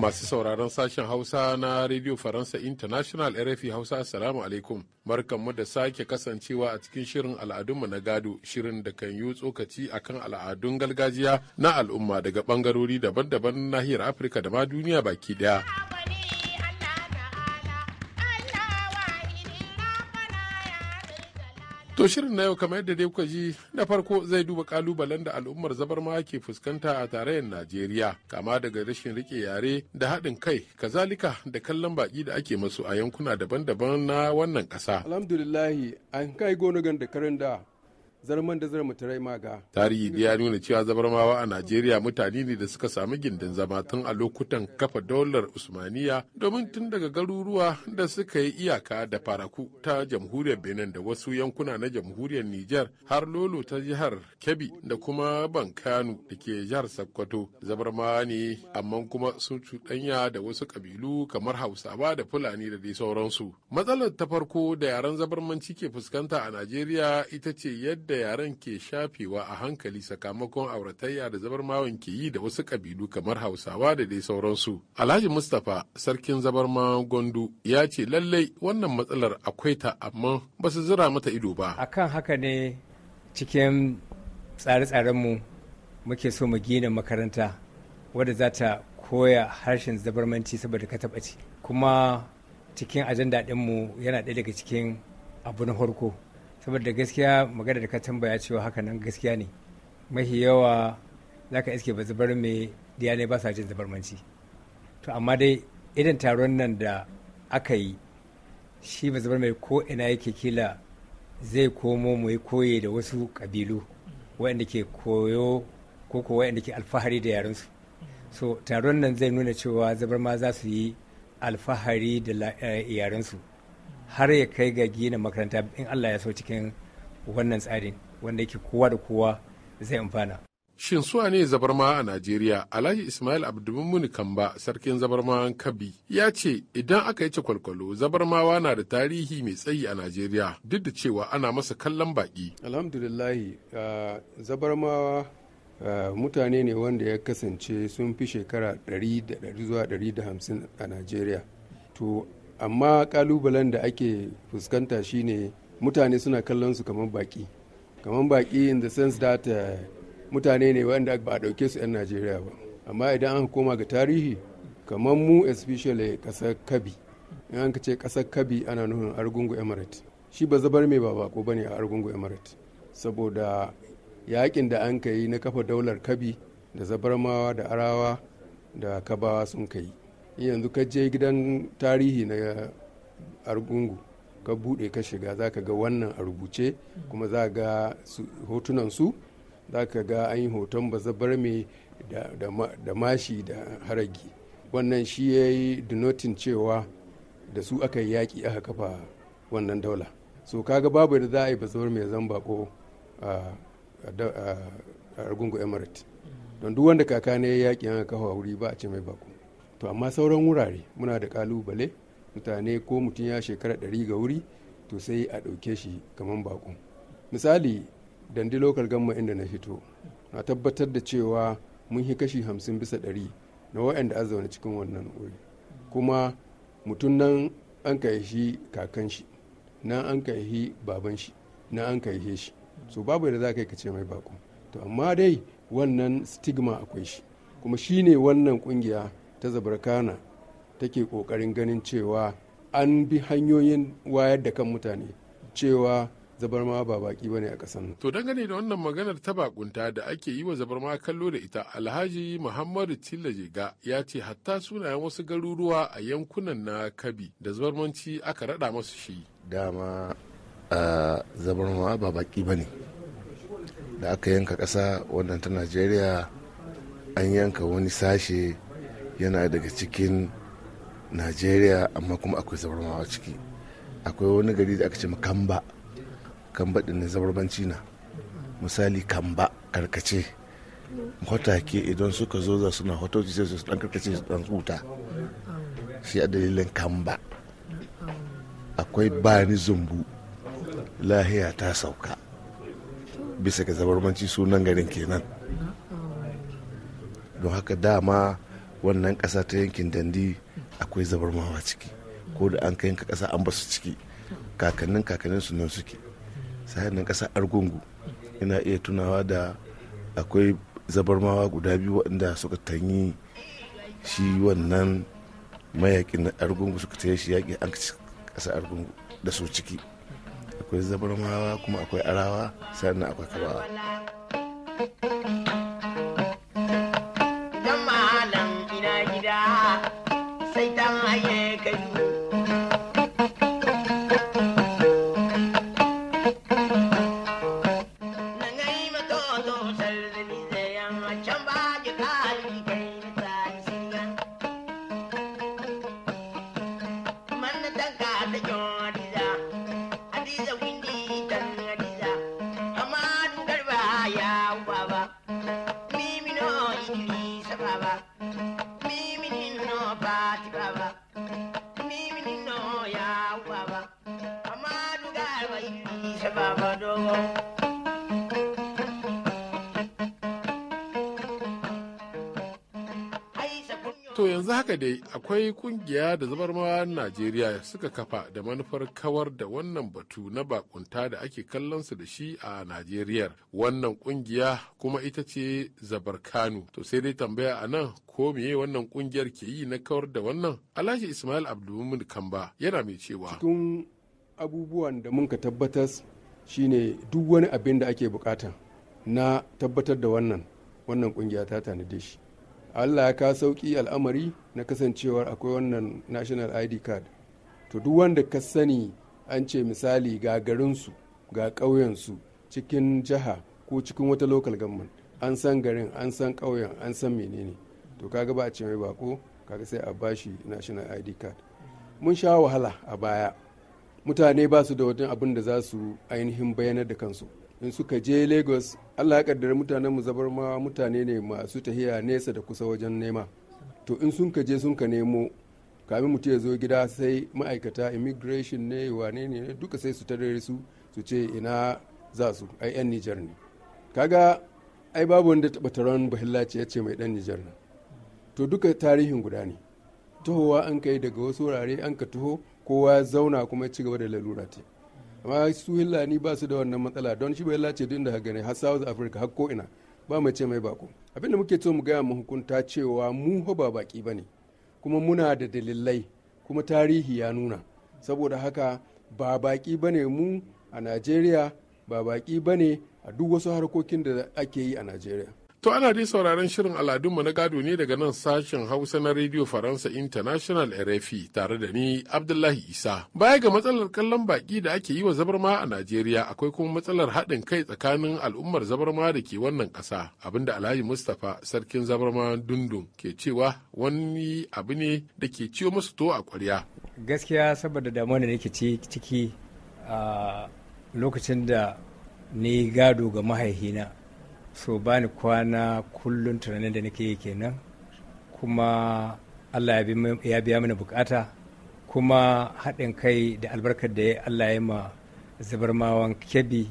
Masu sauraron sashen Hausa na Radio Faransa International RFI Hausa Assalamu alaikum. Barkanmu da sake kasancewa a cikin shirin al'adunmu na gado, shirin da kan yi tsokaci a kan al'adun gargajiya na al'umma daga bangarori daban-daban nahiyar Afirka da ma duniya baki daya. To shirin na yau kamar yadda dai kuka ji na farko zai duba kalubalen da al'ummar zabar ma ke fuskanta a tarayyar Najeriya kama daga rashin rike yare da haɗin kai kazalika da kallon baƙi da ake masu a yankuna daban-daban na wannan ƙasa. Alhamdulillahi an kai gonagan da karin da zarman da zarma ta maga. Tarihi da ya nuna cewa zabarmawa a Najeriya mutane ne da suka sami gindin zama tun a lokutan kafa daular Usmaniya domin tun daga garuruwa da suka yi iyaka da faraku ta jamhuriyar Benin da wasu yankuna na jamhuriyar Nijar har lolo ta jihar Kebbi da kuma Bankano da ke jihar Sokoto. Zabarmawa ne amma kuma sun cuɗanya da wasu kabilu kamar Hausawa da Fulani da dai sauransu. Matsalar ta farko da yaren zabarmanci ke fuskanta a Najeriya ita ce yadda yadda yaren ke shafewa a hankali sakamakon auratayya da zabarmawan ke yi da wasu kabilu kamar hausawa da dai sauransu alhaji mustapha sarkin zabarmawan gondu ya ce lallai wannan matsalar akwai ta amma ba su zira mata ido ba a kan haka ne cikin tsare-tsarenmu muke so mu gina makaranta wadda za ta koya harshen zabarmanci saboda ka taɓa ci kuma cikin ajanda ɗinmu yana ɗaya daga cikin abu na farko saboda gaskiya magana da ka tambaya cewa haka nan gaskiya ne mafi yawa za ka iske ba zubar mai diya ne ba sa jin zubarmanci to amma dai idan taron nan da aka yi shi ba zubar mai ko ina yake kila zai komo mu koye da wasu kabilu waɗanda ke koyo ko ko waɗanda ke alfahari da yarensu so taron nan zai nuna cewa zubar ma za su yi alfahari da eh, yarensu har ya kai ga gina makaranta in Allah ya so cikin wannan tsarin wanda yake kowa da kowa zai amfana. Shin suwa ne zabarma a Najeriya, Alhaji Ismail Abdulmumuni Kamba, sarkin zabarmawan Kabi, ya ce idan aka yi kwalkwalo zabarmawa na da tarihi mai tsayi a Najeriya duk da cewa ana masa kallon baƙi. Alhamdulillahi, zabarmawa mutane ne wanda ya kasance sun fi shekara 100 zuwa 150 a Najeriya. To amma kalubalen da ake fuskanta shine mutane suna kallon su kamar baki kamar baki in the sense that eh, mutane ne wanda ba a ɗauke su 'yan najeriya ba amma idan an koma ga tarihi kamar mu especially kasar kabi in an ce kasar kabi ana nufin argungu emirate shi ba zabar mai ba bako bane a argungu emirate saboda yakin da an ka yi na kafa daular kabi da zabarmawa da arawa da kabawa sun ka yi yanzu ka je gidan tarihi na argungu ka buɗe ka shiga za ka ga wannan a rubuce kuma za ga hotunan su za ka ga an yi hoton bazabar mai da mashi da haragi wannan shi ya yi denotin cewa da su aka yi yaƙi aka kafa wannan daula so kaga babu da za a yi bazabar mai zan bako a argungu emirate don duk wanda kaka ne ya yaƙi aka kafa wuri ba a ce mai bako to amma sauran wurare muna da kalubale mutane ko mutum ya shekara ɗari ga wuri to sai a ɗauke shi kamar bakon misali dandi local gamma inda na fito na tabbatar da cewa mun yi kashi hamsin bisa ɗari na waanda a zaune cikin wannan wuri kuma mutum nan an ka shi kakan shi na an ka shi baban shi na an ka shi so babu yadda za ka yi ka ce mai bako to amma dai wannan stigma akwai shi kuma shine wannan kungiya ta zabarkana take ƙoƙarin ganin cewa an bi hanyoyin wayar da kan mutane cewa zabarma ba baki bane a ƙasar nan. To dangane da wannan maganar ta bakunta da ake yi wa zabarma kallo da ita Alhaji Muhammadu Tilla Jega ya ce hatta sunayen wasu garuruwa a yankunan na Kabi da zabarmanci aka rada masu shi. Dama zabarma ba baki bane. Da aka yanka ƙasa wannan ta Najeriya an yanka wani sashe yana daga cikin najeriya amma kuma akwai zabarmawa ciki akwai wani gari da aka ce kamba kamba ɗin zabarmanci na misali kamba karkace hotake idan suka zo za suna hotoci sai su dan karkace su dan huta shi a dalilin kamba akwai bani zumbu lahiya ta sauka bisa ga zabarmanci sunan garin kenan don haka dama wannan ƙasa ta yankin dandi akwai zabarmawa ciki ko da an kai ƙasa an basu ciki kakannin kakannin su nan suke sayan nan ƙasa argungu ina iya tunawa da akwai zabarmawa guda biyu waɗanda suka tanyi shi wannan mayakin na argungu suka taya shi yaƙi an ci ƙasa argungu da su ciki akwai zabarmawa kuma akwai arawa sannan akwai kabawa To yanzu haka dai akwai kungiya da zabarmawa Najeriya suka kafa da manufar kawar da wannan batu na bakunta da ake kallon su da shi a Najeriya. Wannan kungiya kuma ita ce zabar Kano. To sai dai tambaya a nan ko meye wannan kungiyar ke yi na kawar da wannan? Alhaji Ismail Abdulmumin Kamba yana mai cewa. Cikin abubuwan da mun ka tabbatas shine duk wani abin da ake bukata na tabbatar da wannan wannan kungiya ta tanade shi allah ya ka sauki al'amari na kasancewar akwai wannan national id card to duk wanda ka sani an ce misali ga garinsu ga ƙauyensu cikin jiha ko cikin wata local government an san garin an san ƙauyen an san menene to kaga ba a ce mai bako kaga sai a bashi national id card mun sha wahala a baya mutane ba su da wata abin da za su ainihin bayanar da kansu in suka je lagos allah ya kaddara mutanen mu zabar ma mutane ne masu tahiya nesa da kusa wajen nema to in sun ka je sun ka nemo kamin mutum ya zo gida sai ma'aikata immigration ne wane ne duka sai su tare su su ce ina za su ai yan nijar ne kaga ai babu wanda taɓa taron bahillaci ya ce mai ɗan nijar na to duka tarihin guda ne tohowa an kai daga wasu wurare an ka taho kowa ya zauna kuma ya ci gaba da lalura ta amma su hillani ba su da wannan matsala don shi bai ce duk da haka ne har south africa har ko ina ba mu ce mai bako abinda muke so mu gaya mu hukunta cewa mu ba baki ba ne kuma muna da dalilai kuma tarihi ya nuna saboda haka ba baki bane mu a najeriya ba baki bane a duk wasu harkokin da ake yi a najeriya To ana dai sauraron shirin aladunmu na gado ne daga nan sashen Hausa na Radio Faransa International RFI tare da ni Abdullahi Isa. Baya ga matsalar kallon baki da ake yi wa zabarma a Najeriya akwai kuma matsalar haɗin kai tsakanin al'ummar zabarma da ke wannan ƙasa. Abinda Alhaji Mustapha sarkin zabarma dundun ke cewa wani abu ne da ke ciwo masu to a ƙwarya. Gaskiya saboda damuwa da nake ciki a lokacin da ni gado ga mahaihina so ba ni kwana kullum tunanin da nake yi kenan kuma allah ya biya mana bukata kuma haɗin kai da albarkar da ya allah ya ma zabarmawan kebbi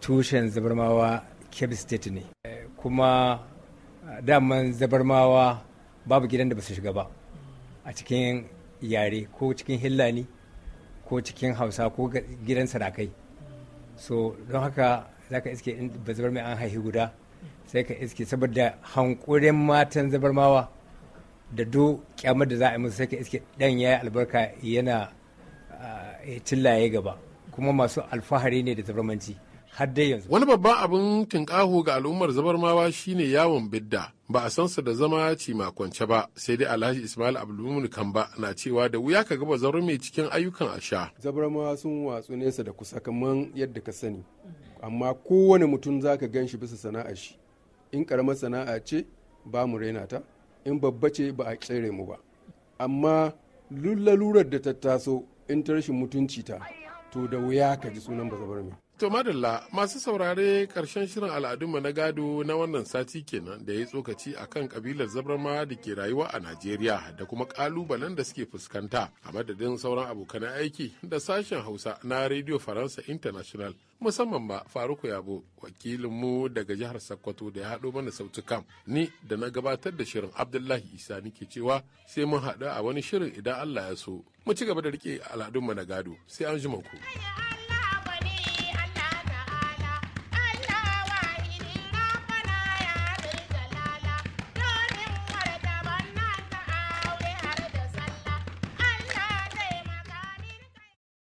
tushen zabarmawa kebbi state ne kuma daman zabarmawa babu gidan da ba su shiga ba a cikin yare ko cikin hillani ko cikin hausa ko gidan sarakai so don haka za ka iske ba zabar mai an haihu guda sai ka iske saboda hankurin matan zabarmawa da do kyamar da za a yi musu sai ka iske dan ya yi albarka yana cillaye ah, gaba kuma masu alfahari ne da zabarmanci har dai yanzu. Wani babban abin tinkaho ga al'ummar zabarmawa shine yawon bidda. Ba a san sansa da zama ci makwance ba, sai dai Alhaji Ismail Abdulmumin Kamba na cewa da wuya ka gaba zaro mai cikin ayyukan asha. Zabarmawa sun watsu nesa da kusa kamar yadda ka sani. amma kowane mutum za ka gan shi bisa sana'a shi in karamar sana'a ce ba mu raina ta in babba ce ba a tsere mu ba amma lullalurar da ta taso in ta rashin mutunci ta to da wuya ka ji sunan bazabarmi To madalla masu saurare karshen shirin al'adunmu na gado na wannan sati kenan da ya yi tsokaci a kan kabilar zabrama da ke rayuwa a Najeriya da kuma kalubalen da suke fuskanta a madadin sauran abokan aiki da sashen Hausa na Radio Faransa International musamman ba Faruku Yabo wakilinmu daga jihar Sokoto da ya haɗo mana kam ni da na gabatar da shirin Abdullahi Isa nike cewa sai mun haɗu a wani shirin idan Allah ya so mu ci gaba da rike al'adunmu na gado sai an ji ku.